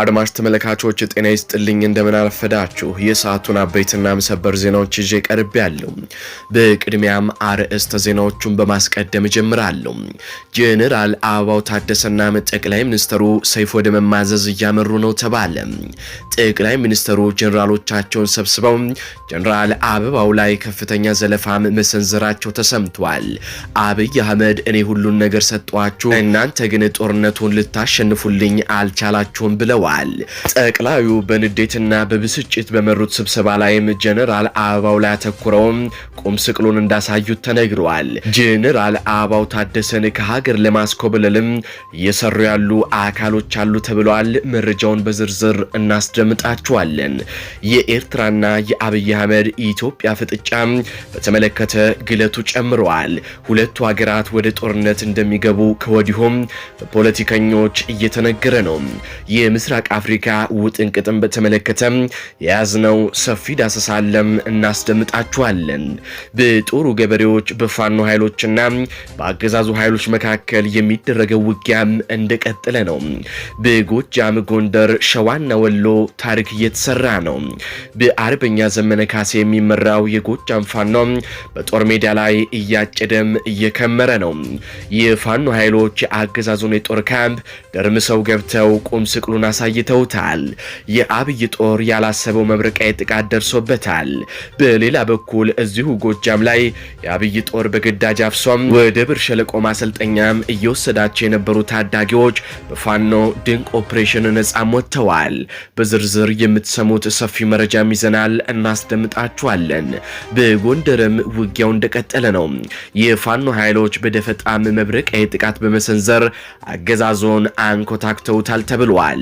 አድማጭ ተመልካቾች ጤና ይስጥልኝ፣ እንደምን አረፈዳችሁ። የሰዓቱን አበይትና ምሰበር ዜናዎች ይዤ ያለው። በቅድሚያም አርዕስተ ዜናዎቹን በማስቀደም ጀምራለሁ። ጄኔራል አበባው ታደሰና ጠቅላይ ሚኒስትሩ ሰይፍ ወደ መማዘዝ እያመሩ ነው ተባለ። ጠቅላይ ሚኒስትሩ ጄኔራሎቻቸውን ሰብስበው ጄኔራል አበባው ላይ ከፍተኛ ዘለፋም መሰንዘራቸው ተሰምቷል። አብይ አህመድ እኔ ሁሉን ነገር ሰጧችሁ፣ እናንተ ግን ጦርነቱን ልታሸንፉልኝ አልቻላችሁም ብለዋል። ተናግረዋል። ጠቅላዩ በንዴትና በብስጭት በመሩት ስብሰባ ላይም ጀነራል አበባው ላይ አተኩረውም ቁም ስቅሉን እንዳሳዩት ተነግረዋል። ጀነራል አበባው ታደሰን ከሀገር ለማስኮብለልም እየሰሩ ያሉ አካሎች አሉ ተብለዋል። መረጃውን በዝርዝር እናስደምጣችኋለን። የኤርትራና የአብይ አህመድ ኢትዮጵያ ፍጥጫ በተመለከተ ግለቱ ጨምረዋል። ሁለቱ ሀገራት ወደ ጦርነት እንደሚገቡ ከወዲሁም በፖለቲከኞች እየተነገረ ነው። የምስራቅ ምስራቅ አፍሪካ ውጥንቅጥን በተመለከተም የያዝነው ሰፊ ዳሰሳለም እናስደምጣችኋለን። በጦሩ ገበሬዎች በፋኖ ኃይሎችና በአገዛዙ ኃይሎች መካከል የሚደረገው ውጊያም እንደቀጠለ ነው። በጎጃም ጎንደር፣ ሸዋና ወሎ ታሪክ እየተሰራ ነው። በአርበኛ ዘመነ ካሴ የሚመራው የጎጃም ፋኖ በጦር ሜዳ ላይ እያጨደም እየከመረ ነው። የፋኖ ኃይሎች የአገዛዙን የጦር ካምፕ ደርምሰው ገብተው ቁም ስቅሉን አሳ አሳይተውታል። የአብይ ጦር ያላሰበው መብረቃዊ ጥቃት ደርሶበታል። በሌላ በኩል እዚሁ ጎጃም ላይ የአብይ ጦር በግዳጅ አፍሷም ወደ ብር ሸለቆ ማሰልጠኛም እየወሰዳቸው የነበሩ ታዳጊዎች በፋኖ ድንቅ ኦፕሬሽን ነጻም ወጥተዋል። በዝርዝር የምትሰሙት ሰፊ መረጃም ይዘናል፣ እናስደምጣችኋለን። በጎንደርም ውጊያው እንደቀጠለ ነው። የፋኖ ኃይሎች በደፈጣም መብረቃዊ ጥቃት በመሰንዘር አገዛዞን አንኮታክተውታል ተብሏል።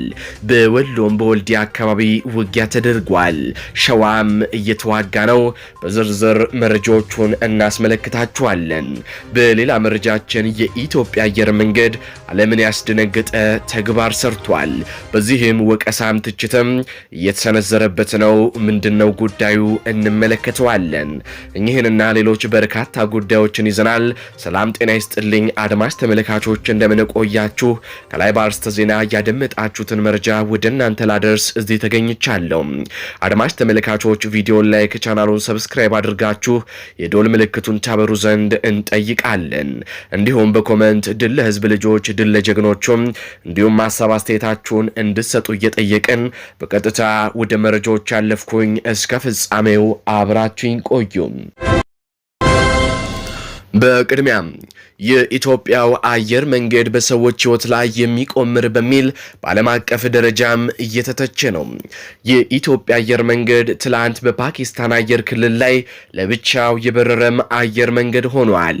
በወሎም በወልዲያ አካባቢ ውጊያ ተደርጓል። ሸዋም እየተዋጋ ነው። በዝርዝር መረጃዎቹን እናስመለክታችኋለን። በሌላ መረጃችን የኢትዮጵያ አየር መንገድ ዓለምን ያስደነገጠ ተግባር ሰርቷል። በዚህም ወቀሳም ትችትም እየተሰነዘረበት ነው። ምንድነው ጉዳዩ? እንመለከተዋለን። እኚህንና ሌሎች በርካታ ጉዳዮችን ይዘናል። ሰላም ጤና ይስጥልኝ አድማስ ተመልካቾች እንደምንቆያችሁ ከላይ በአርስተ ዜና እያደመጣችሁትን መረ መረጃ ወደ እናንተ ላደርስ እዚህ ተገኝቻለሁ። አድማጭ ተመልካቾች ቪዲዮን ላይክ፣ ቻናሉን ሰብስክራይብ አድርጋችሁ የዶል ምልክቱን ታበሩ ዘንድ እንጠይቃለን። እንዲሁም በኮመንት ድል ለህዝብ ልጆች፣ ድል ለጀግኖቹም እንዲሁም ሀሳብ አስተያየታችሁን እንድትሰጡ እየጠየቅን በቀጥታ ወደ መረጃዎች ያለፍኩኝ እስከ ፍጻሜው አብራችሁኝ ቆዩ። በቅድሚያ የኢትዮጵያው አየር መንገድ በሰዎች ህይወት ላይ የሚቆምር በሚል በዓለም አቀፍ ደረጃም እየተተቸ ነው። የኢትዮጵያ አየር መንገድ ትላንት በፓኪስታን አየር ክልል ላይ ለብቻው የበረረም አየር መንገድ ሆኗል።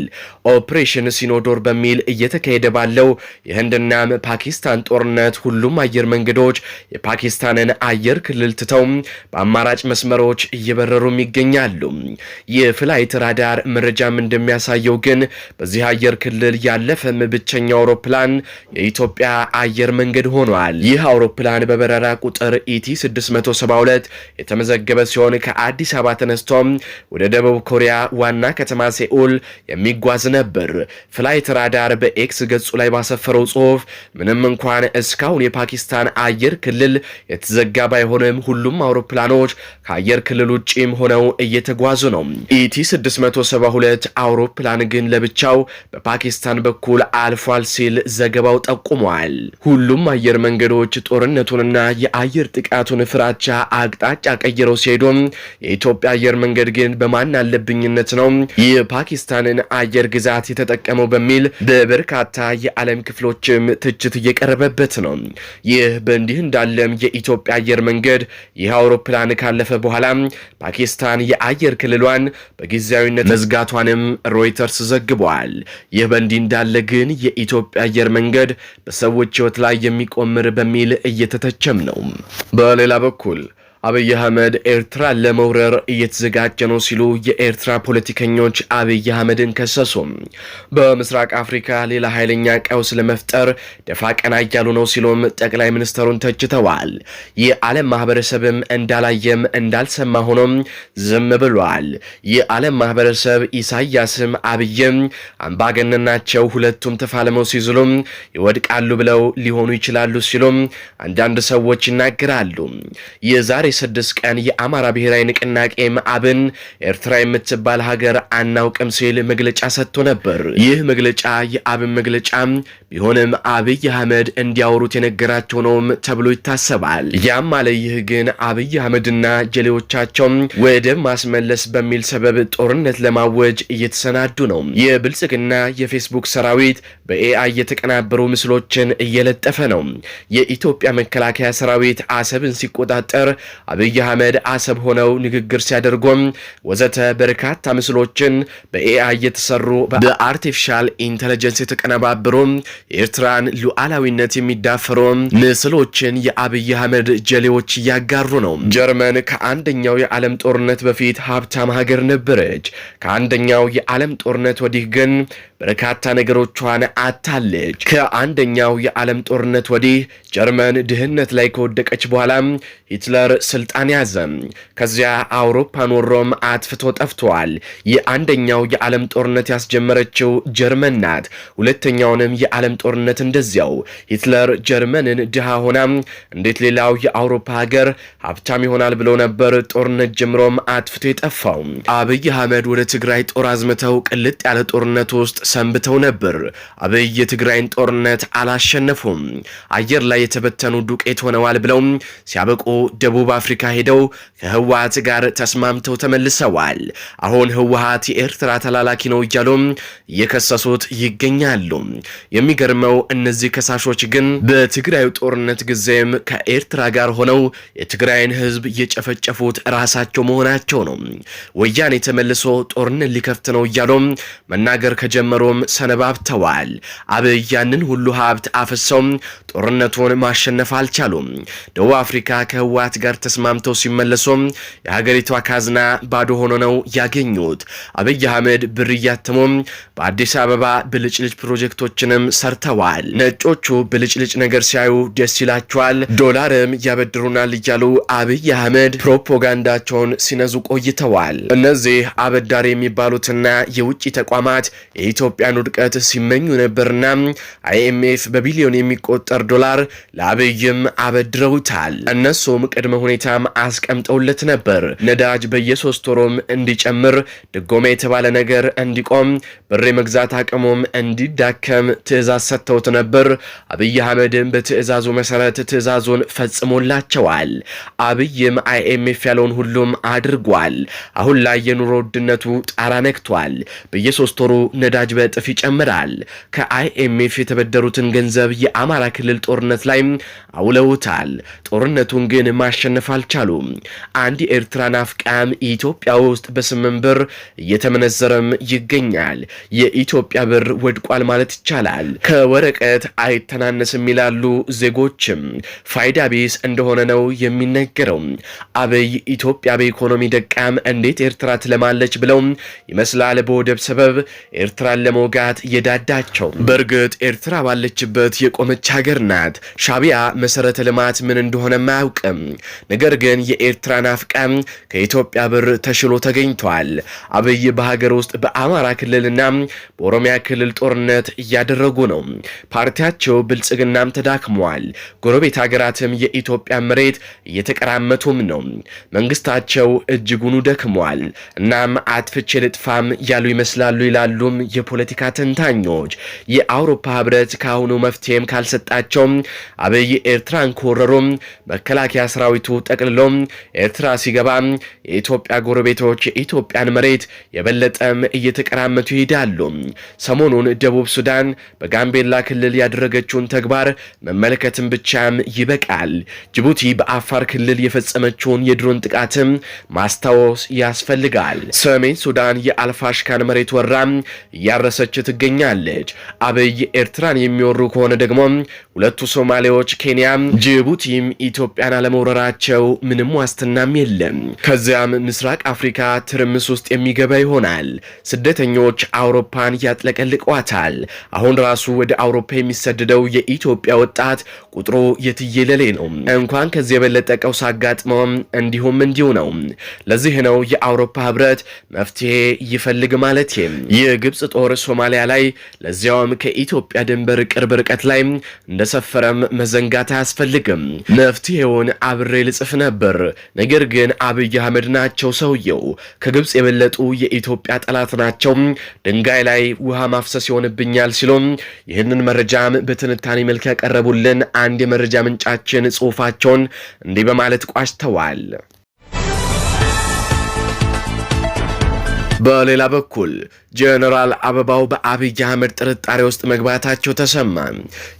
ኦፕሬሽን ሲኖዶር በሚል እየተካሄደ ባለው የህንድናም ፓኪስታን ጦርነት ሁሉም አየር መንገዶች የፓኪስታንን አየር ክልል ትተው በአማራጭ መስመሮች እየበረሩም ይገኛሉ። የፍላይት ራዳር መረጃም እንደሚያሳየው ግን በዚህ አየር አየር ክልል ያለፈም ብቸኛው አውሮፕላን የኢትዮጵያ አየር መንገድ ሆኗል። ይህ አውሮፕላን በበረራ ቁጥር ኢቲ 672 የተመዘገበ ሲሆን ከአዲስ አበባ ተነስቶም ወደ ደቡብ ኮሪያ ዋና ከተማ ሴኡል የሚጓዝ ነበር። ፍላይት ራዳር በኤክስ ገጹ ላይ ባሰፈረው ጽሑፍ ምንም እንኳን እስካሁን የፓኪስታን አየር ክልል የተዘጋ ባይሆንም ሁሉም አውሮፕላኖች ከአየር ክልል ውጭም ሆነው እየተጓዙ ነው። ኢቲ 672 አውሮፕላን ግን ለብቻው በፓኪስታን በኩል አልፏል ሲል ዘገባው ጠቁሟል። ሁሉም አየር መንገዶች ጦርነቱንና የአየር ጥቃቱን ፍራቻ አቅጣጫ ቀይረው ሲሄዱም የኢትዮጵያ አየር መንገድ ግን በማን አለብኝነት ነው የፓኪስታንን አየር ግዛት የተጠቀመው በሚል በበርካታ የዓለም ክፍሎችም ትችት እየቀረበበት ነው። ይህ በእንዲህ እንዳለም የኢትዮጵያ አየር መንገድ ይህ አውሮፕላን ካለፈ በኋላ ፓኪስታን የአየር ክልሏን በጊዜያዊነት መዝጋቷንም ሮይተርስ ዘግቧል። ይህ በእንዲህ እንዳለ ግን የኢትዮጵያ አየር መንገድ በሰዎች ህይወት ላይ የሚቆምር በሚል እየተተቸም ነው። በሌላ በኩል አብይ አህመድ ኤርትራ ለመውረር እየተዘጋጀ ነው ሲሉ የኤርትራ ፖለቲከኞች አብይ አህመድን ከሰሱ። በምስራቅ አፍሪካ ሌላ ኃይለኛ ቀውስ ለመፍጠር ደፋ ቀና እያሉ ነው ሲሉም ጠቅላይ ሚኒስተሩን ተችተዋል። የዓለም ማህበረሰብም እንዳላየም እንዳልሰማ ሆኖም ዝም ብሏል። የዓለም ማህበረሰብ ኢሳያስም አብይም አምባገነን ናቸው፣ ሁለቱም ተፋልመው ሲዝሉም ይወድቃሉ ብለው ሊሆኑ ይችላሉ ሲሉም አንዳንድ ሰዎች ይናገራሉ። የዛሬ የዛሬ ስድስት ቀን የአማራ ብሔራዊ ንቅናቄ መአብን ኤርትራ የምትባል ሀገር አናውቅም ሲል መግለጫ ሰጥቶ ነበር። ይህ መግለጫ የአብን መግለጫ ቢሆንም አብይ አህመድ እንዲያወሩት የነገራቸው ነውም ተብሎ ይታሰባል። ያም አለ ይህ ግን አብይ አህመድና ጀሌዎቻቸው ወደብ ማስመለስ በሚል ሰበብ ጦርነት ለማወጅ እየተሰናዱ ነው። የብልጽግና የፌስቡክ ሰራዊት በኤአይ የተቀናበሩ ምስሎችን እየለጠፈ ነው። የኢትዮጵያ መከላከያ ሰራዊት አሰብን ሲቆጣጠር አብይ አህመድ አሰብ ሆነው ንግግር ሲያደርጎም ወዘተ በርካታ ምስሎችን በኤአይ የተሰሩ በአርቲፊሻል ኢንተለጀንስ የተቀነባበሩ የኤርትራን ሉዓላዊነት የሚዳፈሩ ምስሎችን የአብይ አህመድ ጀሌዎች እያጋሩ ነው። ጀርመን ከአንደኛው የዓለም ጦርነት በፊት ሀብታም ሀገር ነበረች። ከአንደኛው የዓለም ጦርነት ወዲህ ግን በርካታ ነገሮቿን አታለች። ከአንደኛው የዓለም ጦርነት ወዲህ ጀርመን ድህነት ላይ ከወደቀች በኋላ ሂትለር ስልጣን ያዘ። ከዚያ አውሮፓን ወሮም አጥፍቶ ጠፍቷል። የአንደኛው የዓለም ጦርነት ያስጀመረችው ጀርመን ናት። ሁለተኛውንም የዓለም የዓለም ጦርነት እንደዚያው ሂትለር ጀርመንን ድሃ ሆና እንዴት ሌላው የአውሮፓ ሀገር ሀብታም ይሆናል ብሎ ነበር። ጦርነት ጀምሮም አጥፍቶ የጠፋው አብይ አህመድ ወደ ትግራይ ጦር አዝምተው ቅልጥ ያለ ጦርነት ውስጥ ሰንብተው ነበር። አብይ የትግራይን ጦርነት አላሸነፉም። አየር ላይ የተበተኑ ዱቄት ሆነዋል ብለው ሲያበቁ ደቡብ አፍሪካ ሄደው ከህወሀት ጋር ተስማምተው ተመልሰዋል። አሁን ህወሀት የኤርትራ ተላላኪ ነው እያሉም እየከሰሱት ይገኛሉ። የሚ የሚገርመው እነዚህ ከሳሾች ግን በትግራዩ ጦርነት ጊዜም ከኤርትራ ጋር ሆነው የትግራይን ህዝብ እየጨፈጨፉት ራሳቸው መሆናቸው ነው። ወያኔ ተመልሶ ጦርነት ሊከፍት ነው እያሉም መናገር ከጀመሩም ሰነባብተዋል። አብይ ያንን ሁሉ ሀብት አፍሰው ጦርነቱን ማሸነፍ አልቻሉም። ደቡብ አፍሪካ ከህወሓት ጋር ተስማምተው ሲመለሱም የሀገሪቷ ካዝና ባዶ ሆኖ ነው ያገኙት። አብይ አህመድ ብር እያተሙም በአዲስ አበባ ብልጭልጭ ፕሮጀክቶችንም ሰርተዋል። ነጮቹ ብልጭልጭ ነገር ሲያዩ ደስ ይላቸዋል፣ ዶላርም ያበድሩናል እያሉ አብይ አህመድ ፕሮፓጋንዳቸውን ሲነዙ ቆይተዋል። እነዚህ አበዳሪ የሚባሉትና የውጭ ተቋማት የኢትዮጵያን ውድቀት ሲመኙ ነበርና አይኤምኤፍ በቢሊዮን የሚቆጠር ዶላር ለአብይም አበድረውታል። እነሱም ቅድመ ሁኔታም አስቀምጠውለት ነበር። ነዳጅ በየሶስት ወሮም እንዲጨምር፣ ድጎማ የተባለ ነገር እንዲቆም፣ ብር የመግዛት አቅሙም እንዲዳከም ትዕዛዝ ትእዛዝ ሰጥተውት ነበር። አብይ አህመድም በትዕዛዙ መሰረት ትዕዛዙን ፈጽሞላቸዋል። አብይም አይኤምኤፍ ያለውን ሁሉም አድርጓል። አሁን ላይ የኑሮ ውድነቱ ጣራ ነክቷል። በየሶስት ወሩ ነዳጅ በእጥፍ ይጨምራል። ከአይኤምኤፍ የተበደሩትን ገንዘብ የአማራ ክልል ጦርነት ላይ አውለውታል። ጦርነቱን ግን ማሸነፍ አልቻሉም። አንድ የኤርትራ ናፍቃም ኢትዮጵያ ውስጥ በስምንት ብር እየተመነዘረም ይገኛል። የኢትዮጵያ ብር ወድቋል ማለት ይቻላል። ከወረቀት አይተናነስም ይላሉ ዜጎችም። ፋይዳ ቢስ እንደሆነ ነው የሚነገረው። አብይ ኢትዮጵያ በኢኮኖሚ ደቃም እንዴት ኤርትራ ትለማለች ብለው ይመስላል በወደብ ሰበብ ኤርትራን ለመውጋት የዳዳቸው። በእርግጥ ኤርትራ ባለችበት የቆመች ሀገር ናት። ሻቢያ መሰረተ ልማት ምን እንደሆነም አያውቅም። ነገር ግን የኤርትራ ናፍቃ ከኢትዮጵያ ብር ተሽሎ ተገኝቷል። አብይ በሀገር ውስጥ በአማራ ክልልና በኦሮሚያ ክልል ጦርነት እያደረጉ ነው። ፓርቲያቸው ብልጽግናም ተዳክመዋል። ጎረቤት ሀገራትም የኢትዮጵያ መሬት እየተቀራመቱም ነው። መንግስታቸው እጅጉኑ ደክመዋል። እናም አትፍቼ ልጥፋም ያሉ ይመስላሉ ይላሉም የፖለቲካ ተንታኞች። የአውሮፓ ህብረት ከአሁኑ መፍትሄም ካልሰጣቸውም አብይ ኤርትራን ከወረሩም መከላከያ ሰራዊቱ ጠቅልሎም ኤርትራ ሲገባ የኢትዮጵያ ጎረቤቶች የኢትዮጵያን መሬት የበለጠም እየተቀራመቱ ይሄዳሉ። ሰሞኑን ደቡብ ሱዳን በጋ በጋምቤላ ክልል ያደረገችውን ተግባር መመልከትም ብቻም ይበቃል። ጅቡቲ በአፋር ክልል የፈጸመችውን የድሮን ጥቃትም ማስታወስ ያስፈልጋል። ሰሜን ሱዳን የአልፋሽካን መሬት ወራም እያረሰች ትገኛለች። አብይ ኤርትራን የሚወሩ ከሆነ ደግሞ ሁለቱ ሶማሌዎች ኬንያም ጅቡቲም ኢትዮጵያን አለመውረራቸው ምንም ዋስትናም የለም። ከዚያም ምስራቅ አፍሪካ ትርምስ ውስጥ የሚገባ ይሆናል። ስደተኞች አውሮፓን ያጥለቀልቋታል። አሁን ራሱ ወደ አውሮፓ የሚሰደደው የኢትዮጵያ ወጣት ቁጥሩ የትየለሌ ነው። እንኳን ከዚህ የበለጠ ቀውስ አጋጥመውም እንዲሁም እንዲሁ ነው። ለዚህ ነው የአውሮፓ ህብረት መፍትሄ ይፈልግ ማለት። የግብፅ ጦር ሶማሊያ ላይ ለዚያውም ከኢትዮጵያ ድንበር ቅርብ ርቀት ላይ እንደ እንደሰፈረም መዘንጋት አያስፈልግም። መፍትሄውን አብሬ ልጽፍ ነበር፣ ነገር ግን አብይ አህመድ ናቸው ሰውየው። ከግብፅ የበለጡ የኢትዮጵያ ጠላት ናቸው። ድንጋይ ላይ ውሃ ማፍሰስ ይሆንብኛል ሲሎም ይህንን መረጃም በትንታኔ መልክ ያቀረቡልን አንድ የመረጃ ምንጫችን ጽሁፋቸውን እንዲህ በማለት ቋጭተዋል። በሌላ በኩል ጀነራል አበባው በአብይ አህመድ ጥርጣሬ ውስጥ መግባታቸው ተሰማ።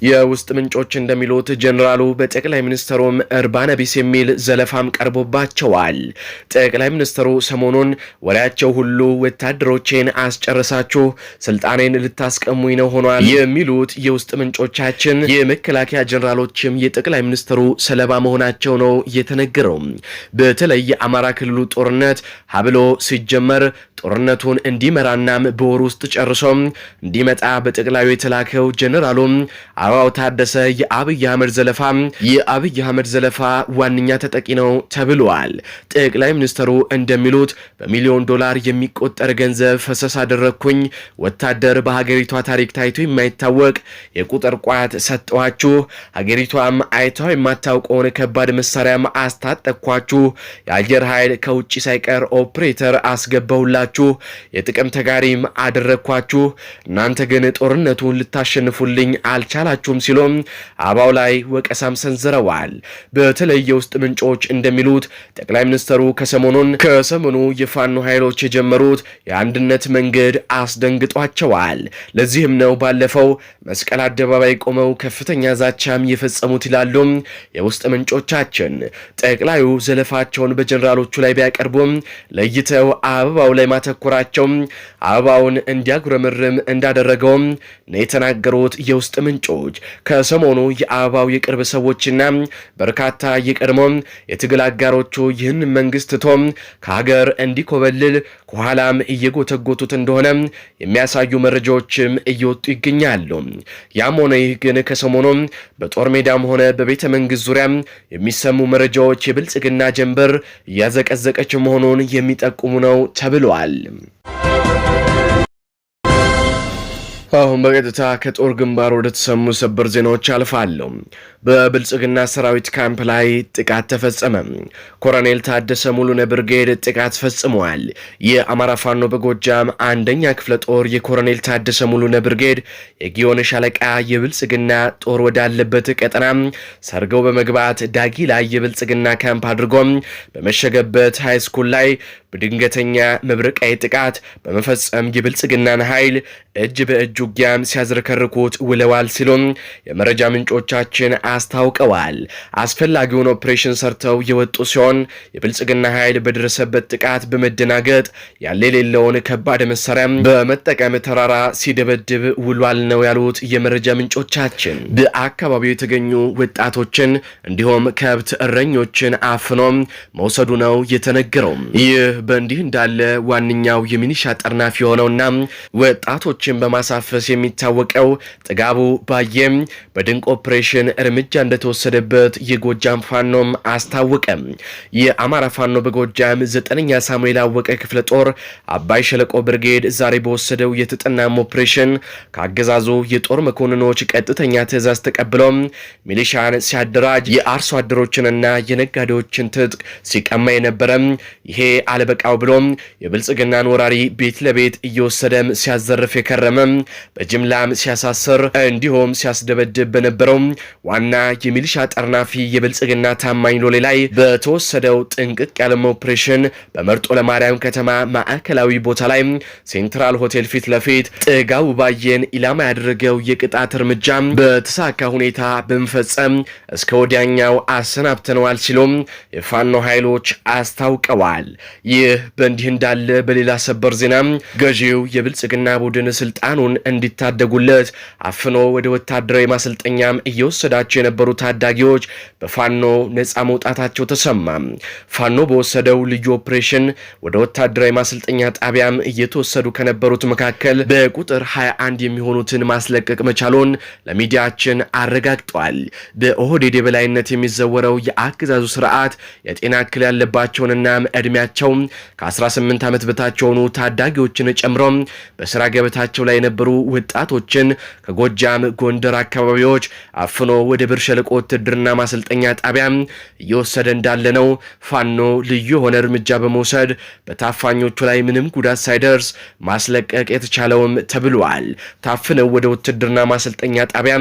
የውስጥ ምንጮች እንደሚሉት ጀነራሉ በጠቅላይ ሚኒስትሩም እርባነ ቢስ የሚል ዘለፋም ቀርቦባቸዋል። ጠቅላይ ሚኒስትሩ ሰሞኑን ወሬያቸው ሁሉ ወታደሮቼን አስጨርሳችሁ ስልጣኔን ልታስቀሙኝ ነው ሆኗል የሚሉት የውስጥ ምንጮቻችን የመከላከያ ጀነራሎችም የጠቅላይ ሚኒስትሩ ሰለባ መሆናቸው ነው የተነገረው። በተለይ የአማራ ክልሉ ጦርነት ሀብሎ ሲጀመር ጦር ጦርነቱን እንዲመራና በወር ውስጥ ጨርሶ እንዲመጣ በጠቅላዩ የተላከው ጀኔራሉ አበባው ታደሰ የአብይ አህመድ ዘለፋ የአብይ አህመድ ዘለፋ ዋነኛ ተጠቂ ነው ተብሏል። ጠቅላይ ሚኒስትሩ እንደሚሉት በሚሊዮን ዶላር የሚቆጠር ገንዘብ ፈሰስ አደረግኩኝ። ወታደር በሀገሪቷ ታሪክ ታይቶ የማይታወቅ የቁጥር ቋት ሰጠኋችሁ፣ ሀገሪቷም አይታው የማታውቀውን ከባድ መሳሪያም አስታጠቅኳችሁ፣ የአየር ኃይል ከውጭ ሳይቀር ኦፕሬተር አስገባሁላችሁ አደረኳችሁ፣ የጥቅም ተጋሪም አደረግኳችሁ። እናንተ ግን ጦርነቱን ልታሸንፉልኝ አልቻላችሁም ሲሎም አባው ላይ ወቀሳም ሰንዝረዋል። በተለይ የውስጥ ምንጮች እንደሚሉት ጠቅላይ ሚኒስትሩ ከሰሞኑን ከሰሞኑ የፋኖ ኃይሎች የጀመሩት የአንድነት መንገድ አስደንግጧቸዋል። ለዚህም ነው ባለፈው መስቀል አደባባይ ቆመው ከፍተኛ ዛቻም የፈጸሙት ይላሉ የውስጥ ምንጮቻችን። ጠቅላዩ ዘለፋቸውን በጀኔራሎቹ ላይ ቢያቀርቡም ለይተው አበባው ላይ ማታ ማተኮራቸው አበባውን እንዲያጉረመርም እንዳደረገው ነው የተናገሩት የውስጥ ምንጮች። ከሰሞኑ የአበባው የቅርብ ሰዎችና በርካታ የቀድሞ የትግል አጋሮቹ ይህን መንግስት ትቶ ከሀገር እንዲኮበልል ከኋላም እየጎተጎቱት እንደሆነ የሚያሳዩ መረጃዎችም እየወጡ ይገኛሉ። ያም ሆነ ይህ ግን ከሰሞኑ በጦር ሜዳም ሆነ በቤተ መንግስት ዙሪያ የሚሰሙ መረጃዎች የብልጽግና ጀንበር እያዘቀዘቀች መሆኑን የሚጠቁሙ ነው ተብሏል። ተደርጓል። አሁን በቀጥታ ከጦር ግንባር ወደ ተሰሙ ሰበር ዜናዎች አልፋለሁ። በብልጽግና ሰራዊት ካምፕ ላይ ጥቃት ተፈጸመ። ኮሎኔል ታደሰ ሙሉነ ብርጌድ ጥቃት ፈጽመዋል። የአማራ ፋኖ በጎጃም አንደኛ ክፍለ ጦር የኮሎኔል ታደሰ ሙሉነ ብርጌድ የጊዮን ሻለቃ የብልጽግና ጦር ወዳለበት ቀጠና ሰርገው በመግባት ዳጊ ላይ የብልጽግና ካምፕ አድርጎም በመሸገበት ሃይስኩል ላይ በድንገተኛ መብረቃዊ ጥቃት በመፈጸም የብልጽግናን ኃይል እጅ በእጅ ውጊያም ሲያዝረከርኩት ውለዋል ሲሉም የመረጃ ምንጮቻችን አስታውቀዋል። አስፈላጊውን ኦፕሬሽን ሰርተው የወጡ ሲሆን የብልጽግና ኃይል በደረሰበት ጥቃት በመደናገጥ ያለ የሌለውን ከባድ መሳሪያ በመጠቀም ተራራ ሲደበድብ ውሏል ነው ያሉት የመረጃ ምንጮቻችን። በአካባቢው የተገኙ ወጣቶችን እንዲሁም ከብት እረኞችን አፍኖም መውሰዱ ነው የተነገረው። ይህ በእንዲህ እንዳለ ዋነኛው የሚኒሻ ጠርናፊ የሆነውና ወጣቶችን በማሳፈስ የሚታወቀው ጥጋቡ ባየም በድንቅ ኦፕሬሽን እርምጃ እርምጃ እንደተወሰደበት የጎጃም ፋኖም አስታወቀም። የአማራ ፋኖ በጎጃም ዘጠነኛ ሳሙኤል አወቀ ክፍለ ጦር አባይ ሸለቆ ብርጌድ ዛሬ በወሰደው የተጠናም ኦፕሬሽን ከአገዛዙ የጦር መኮንኖች ቀጥተኛ ትዕዛዝ ተቀብሎም ሚሊሻን ሲያደራጅ የአርሶ አደሮችንና የነጋዴዎችን ትጥቅ ሲቀማ የነበረም ይሄ አለበቃው ብሎም የብልጽግናን ወራሪ ቤት ለቤት እየወሰደም ሲያዘርፍ የከረመም በጅምላም ሲያሳስር እንዲሁም ሲያስደበድብ በነበረው ዋና ሻለቃና የሚሊሻ ጠርናፊ የብልጽግና ታማኝ ሎሌ ላይ በተወሰደው ጥንቅቅ ያለም ኦፕሬሽን በመርጦ ለማርያም ከተማ ማዕከላዊ ቦታ ላይ ሴንትራል ሆቴል ፊት ለፊት ጥጋቡ ባየን ኢላማ ያደረገው የቅጣት እርምጃ በተሳካ ሁኔታ በመፈጸም እስከ ወዲያኛው አሰናብተነዋል ሲሉም የፋኖ ኃይሎች አስታውቀዋል። ይህ በእንዲህ እንዳለ በሌላ ሰበር ዜና ገዢው የብልጽግና ቡድን ስልጣኑን እንዲታደጉለት አፍኖ ወደ ወታደራዊ ማሰልጠኛም እየወሰዳቸው ተይዘዋቸው የነበሩ ታዳጊዎች በፋኖ ነፃ መውጣታቸው ተሰማ። ፋኖ በወሰደው ልዩ ኦፕሬሽን ወደ ወታደራዊ ማሰልጠኛ ጣቢያም እየተወሰዱ ከነበሩት መካከል በቁጥር 21 የሚሆኑትን ማስለቀቅ መቻሉን ለሚዲያችን አረጋግጠዋል። በኦህዴድ የበላይነት የሚዘወረው የአገዛዙ ስርዓት የጤና እክል ያለባቸውንና እድሜያቸው ከ18 ዓመት በታች የሆኑ ታዳጊዎችን ጨምሮ በስራ ገበታቸው ላይ የነበሩ ወጣቶችን ከጎጃም ጎንደር አካባቢዎች አፍኖ ወደ የብር ሸለቆ ውትድርና ማሰልጠኛ ጣቢያ እየወሰደ እንዳለ ነው። ፋኖ ልዩ የሆነ እርምጃ በመውሰድ በታፋኞቹ ላይ ምንም ጉዳት ሳይደርስ ማስለቀቅ የተቻለውም ተብሏል። ታፍነው ወደ ውትድርና ማሰልጠኛ ጣቢያ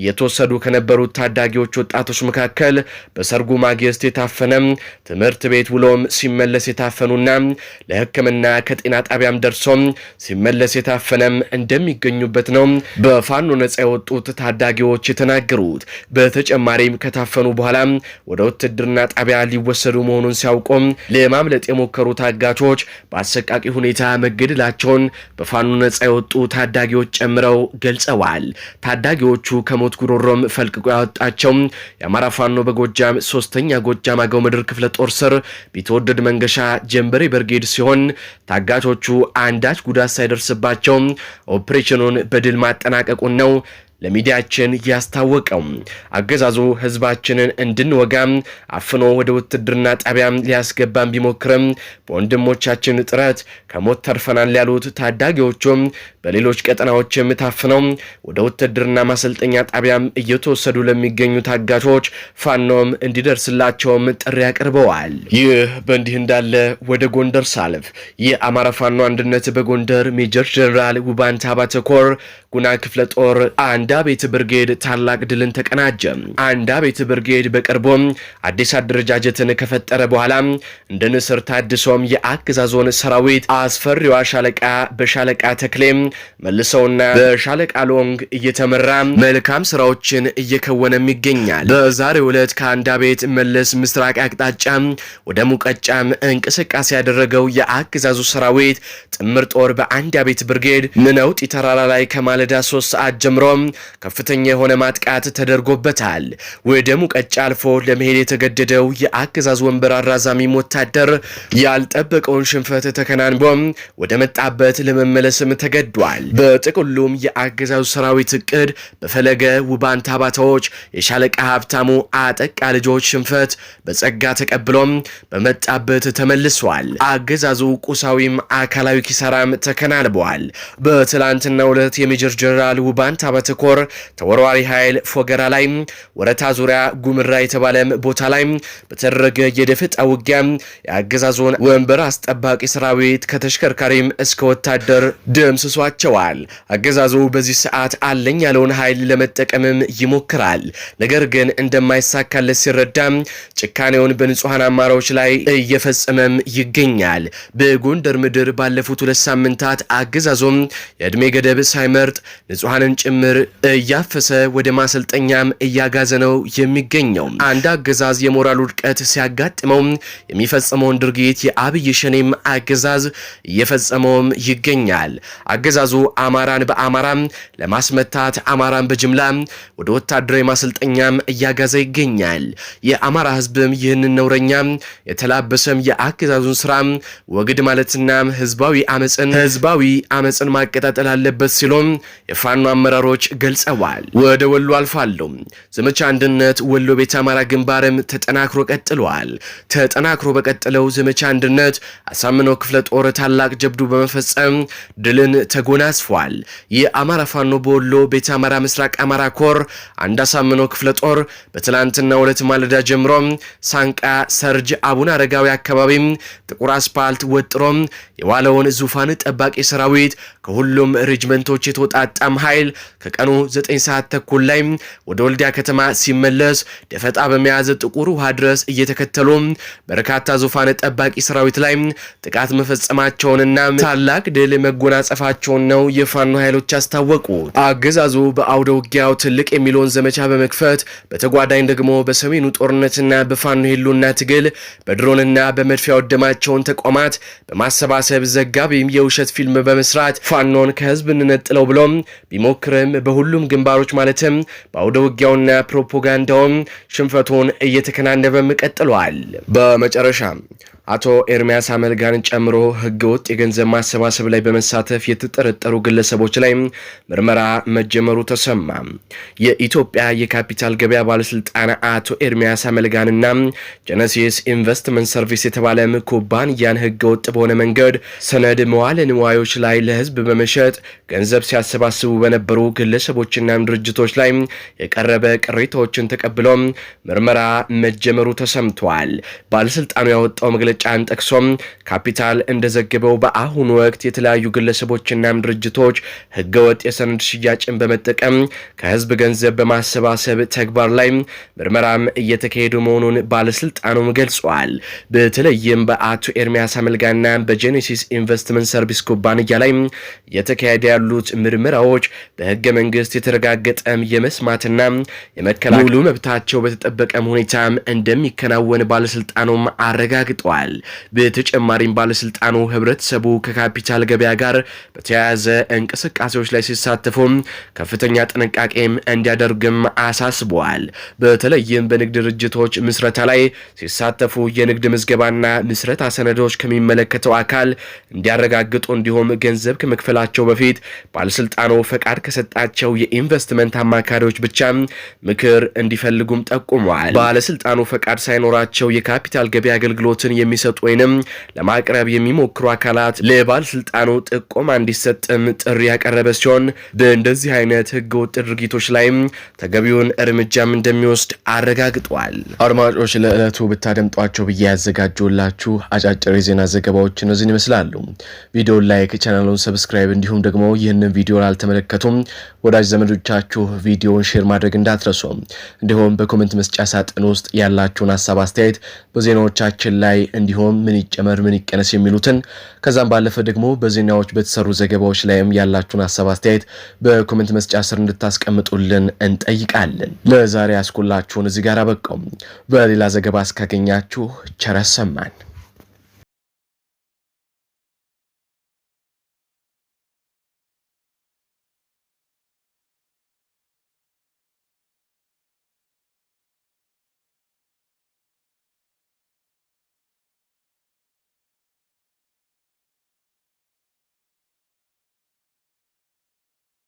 እየተወሰዱ ከነበሩት ታዳጊዎች ወጣቶች መካከል በሰርጉ ማግስት የታፈነም ትምህርት ቤት ውሎም ሲመለስ የታፈኑና ለሕክምና ከጤና ጣቢያም ደርሶም ሲመለስ የታፈነም እንደሚገኙበት ነው በፋኖ ነጻ የወጡት ታዳጊዎች የተናገሩት። በተጨማሪም ከታፈኑ በኋላ ወደ ውትድርና ጣቢያ ሊወሰዱ መሆኑን ሲያውቁም ለማምለጥ የሞከሩ ታጋቾች በአሰቃቂ ሁኔታ መገደላቸውን በፋኖ ነጻ የወጡ ታዳጊዎች ጨምረው ገልጸዋል። ታዳጊዎቹ ከሞት ጉሮሮም ፈልቅቆ ያወጣቸው የአማራ ፋኖ በጎጃም ሶስተኛ ጎጃም አገው ምድር ክፍለ ጦር ስር ቢትወደድ መንገሻ ጀንበሬ ብርጌድ ሲሆን ታጋቾቹ አንዳች ጉዳት ሳይደርስባቸው ኦፕሬሽኑን በድል ማጠናቀቁን ነው ለሚዲያችን ያስታወቀው አገዛዙ ህዝባችንን እንድንወጋም አፍኖ ወደ ውትድርና ጣቢያም ሊያስገባም ቢሞክርም በወንድሞቻችን ጥረት ከሞት ተርፈናል ያሉት ታዳጊዎቹም በሌሎች ቀጠናዎችም ታፍነው ወደ ውትድርና ማሰልጠኛ ጣቢያም እየተወሰዱ ለሚገኙ ታጋቾች ፋኖም እንዲደርስላቸውም ጥሪ አቅርበዋል። ይህ በእንዲህ እንዳለ ወደ ጎንደር ሳልፍ የአማራ ፋኖ አንድነት በጎንደር ሜጀር ጀኔራል ውባንታባተኮር ጉና ክፍለ ጦር አንድ ቤት ብርጌድ ታላቅ ድልን ተቀናጀ። ቤት ብርጌድ በቅርቡም አዲስ አደረጃጀትን ከፈጠረ በኋላ እንደ ንስር ታድሶም የአገዛዞን ሰራዊት አስፈሪዋ ሻለቃ በሻለቃ ተክሌ መልሰውና በሻለቃ ሎንግ እየተመራ መልካም ስራዎችን እየከወነም ይገኛል። በዛሬው ዕለት ቤት መለስ ምስራቅ አቅጣጫ ወደ ሙቀጫም እንቅስቃሴ ያደረገው የአገዛዙ ሰራዊት ጥምር ጦር ቤት ብርጌድ ምነውጥ ተራራ ላይ ከማለዳ ሶስት ሰዓት ጀምሮም ከፍተኛ የሆነ ማጥቃት ተደርጎበታል። ወደ ሙቀጫ አልፎ ለመሄድ የተገደደው የአገዛዝ ወንበር አራዛሚም ወታደር ያልጠበቀውን ሽንፈት ተከናንቦም ወደ መጣበት ለመመለስም ተገዷል። በጥቅሉም የአገዛዙ ሰራዊት እቅድ በፈለገ ውባን ታባታዎች የሻለቃ ሀብታሙ አጠቃ ልጆች ሽንፈት በጸጋ ተቀብሎም በመጣበት ተመልሷል። አገዛዙ ቁሳዊም አካላዊ ኪሳራም ተከናንበዋል። በትላንትና ሁለት የሜጀር ጀነራል ውባን ታባተኮ ኮር ተወርዋሪ ኃይል ፎገራ ላይ ወረታ ዙሪያ ጉምራ የተባለ ቦታ ላይ በተደረገ የደፈጣ ውጊያ የአገዛዙን ወንበር አስጠባቂ ሰራዊት ከተሽከርካሪም እስከ ወታደር ደምስሷቸዋል። አገዛዙ በዚህ ሰዓት አለኝ ያለውን ኃይል ለመጠቀምም ይሞክራል። ነገር ግን እንደማይሳካለት ሲረዳ ጭካኔውን በንጹሐን አማራዎች ላይ እየፈጸመም ይገኛል። በጎንደር ምድር ባለፉት ሁለት ሳምንታት አገዛዞም የዕድሜ ገደብ ሳይመርጥ ንጹሐንን ጭምር እያፈሰ ወደ ማሰልጠኛም እያጋዘ ነው የሚገኘው። አንድ አገዛዝ የሞራል ውድቀት ሲያጋጥመው የሚፈጸመውን ድርጊት የአብይ ሸኔም አገዛዝ እየፈጸመውም ይገኛል። አገዛዙ አማራን በአማራም ለማስመታት አማራን በጅምላ ወደ ወታደራዊ ማሰልጠኛም እያጋዘ ይገኛል። የአማራ ህዝብም ይህንን ነውረኛ የተላበሰም የአገዛዙን ስራ ወግድ ማለትና ህዝባዊ አመፅን ህዝባዊ አመፅን ማቀጣጠል አለበት ሲሎም የፋኖ አመራሮች ገልጸዋል። ወደ ወሎ አልፋሉ። ዘመቻ አንድነት ወሎ ቤተ አማራ ግንባርም ተጠናክሮ ቀጥሏል። ተጠናክሮ በቀጠለው ዘመቻ አንድነት አሳምነው ክፍለ ጦር ታላቅ ጀብዱ በመፈጸም ድልን ተጎናጽፏል። የአማራ ፋኖ በወሎ ቤተ አማራ ምስራቅ አማራ ኮር አንድ አሳምነው ክፍለ ጦር በትላንትና ሁለት ማለዳ ጀምሮም ሳንቃ ሰርጅ አቡነ አረጋዊ አካባቢም ጥቁር አስፓልት ወጥሮም የዋለውን ዙፋን ጠባቂ ሰራዊት ከሁሉም ሬጅመንቶች የተወጣጣም ኃይል ከቀኑ 9 ሰዓት ተኩል ላይ ወደ ወልዲያ ከተማ ሲመለስ ደፈጣ በመያዘ ጥቁር ውሃ ድረስ እየተከተሉ በርካታ ዙፋን ጠባቂ ሰራዊት ላይ ጥቃት መፈጸማቸውንና ታላቅ ድል መጎናጸፋቸውን ነው የፋኖ ኃይሎች አስታወቁት። አገዛዙ በአውደ ውጊያው ትልቅ የሚለውን ዘመቻ በመክፈት በተጓዳኝ ደግሞ በሰሜኑ ጦርነትና በፋኖ ሄሉና ትግል በድሮንና በመድፊያ ወደማቸውን ተቋማት በማሰባሰብ ዘጋቢም የውሸት ፊልም በመስራት ፋኖን ከህዝብ እንነጥለው ብሎ ቢሞክርም በሁሉም ግንባሮች ማለትም በአውደ ውጊያውና ፕሮፓጋንዳውም ሽንፈቱን እየተከናነበም ቀጥሏል። በመጨረሻ አቶ ኤርሚያስ አመልጋን ጨምሮ ህገወጥ የገንዘብ ማሰባሰብ ላይ በመሳተፍ የተጠረጠሩ ግለሰቦች ላይ ምርመራ መጀመሩ ተሰማ። የኢትዮጵያ የካፒታል ገበያ ባለስልጣን አቶ ኤርሚያስ አመልጋንና ጀነሲስ ኢንቨስትመንት ሰርቪስ የተባለ ኩባንያን ህገወጥ በሆነ መንገድ ሰነድ መዋለ ንዋዮች ላይ ለህዝብ በመሸጥ ገንዘብ ሲያሰባስቡ በነበሩ ግለሰቦችና ድርጅቶች ላይ የቀረበ ቅሬታዎችን ተቀብሎ ምርመራ መጀመሩ ተሰምቷል። ባለስልጣኑ ያወጣው መግለጫ መግለጫን ጠቅሶም ካፒታል እንደዘገበው በአሁኑ ወቅት የተለያዩ ግለሰቦችናም ድርጅቶች ህገወጥ የሰነድ ሽያጭን በመጠቀም ከህዝብ ገንዘብ በማሰባሰብ ተግባር ላይ ምርመራም እየተካሄዱ መሆኑን ባለስልጣኑም ገልጿል። በተለይም በአቶ ኤርሚያስ አመልጋና በጄኔሲስ ኢንቨስትመንት ሰርቪስ ኩባንያ ላይ እየተካሄደ ያሉት ምርመራዎች በህገ መንግስት የተረጋገጠም የመስማትና የመከላከሉ መብታቸው በተጠበቀም ሁኔታም እንደሚከናወን ባለስልጣኑም አረጋግጠዋል። ተገልጿል። በተጨማሪም ባለስልጣኑ ህብረተሰቡ ከካፒታል ገበያ ጋር በተያያዘ እንቅስቃሴዎች ላይ ሲሳተፉ ከፍተኛ ጥንቃቄም እንዲያደርግም አሳስበዋል። በተለይም በንግድ ድርጅቶች ምስረታ ላይ ሲሳተፉ የንግድ ምዝገባና ምስረታ ሰነዶች ከሚመለከተው አካል እንዲያረጋግጡ እንዲሁም ገንዘብ ከመክፈላቸው በፊት ባለስልጣኑ ፈቃድ ከሰጣቸው የኢንቨስትመንት አማካሪዎች ብቻ ምክር እንዲፈልጉም ጠቁመዋል። ባለስልጣኑ ፈቃድ ሳይኖራቸው የካፒታል ገበያ አገልግሎትን የሚ የሚሰጡ ወይንም ለማቅረብ የሚሞክሩ አካላት ለባለስልጣኑ ጥቆማ እንዲሰጥም ጥሪ ያቀረበ ሲሆን በእንደዚህ አይነት ህገወጥ ድርጊቶች ላይም ተገቢውን እርምጃም እንደሚወስድ አረጋግጧል። አድማጮች ለዕለቱ ብታደምጧቸው ብዬ ያዘጋጀላችሁ አጫጭር የዜና ዘገባዎች እነዚህን ይመስላሉ። ቪዲዮን ላይክ፣ ቻናሉን ሰብስክራይብ እንዲሁም ደግሞ ይህንን ቪዲዮ ላልተመለከቱም ወዳጅ ዘመዶቻችሁ ቪዲዮን ሼር ማድረግ እንዳትረሱ። እንዲሁም በኮመንት መስጫ ሳጥን ውስጥ ያላችሁን ሀሳብ አስተያየት በዜናዎቻችን ላይ እንዲሁም ምን ይጨመር ምን ይቀነስ የሚሉትን ከዛም ባለፈ ደግሞ በዜናዎች በተሰሩ ዘገባዎች ላይም ያላችሁን ሀሳብ አስተያየት በኮሜንት መስጫ ስር እንድታስቀምጡልን እንጠይቃለን። ለዛሬ ያስኩላችሁን እዚህ ጋር አበቃው። በሌላ ዘገባ እስካገኛችሁ ቸር ያሰማን።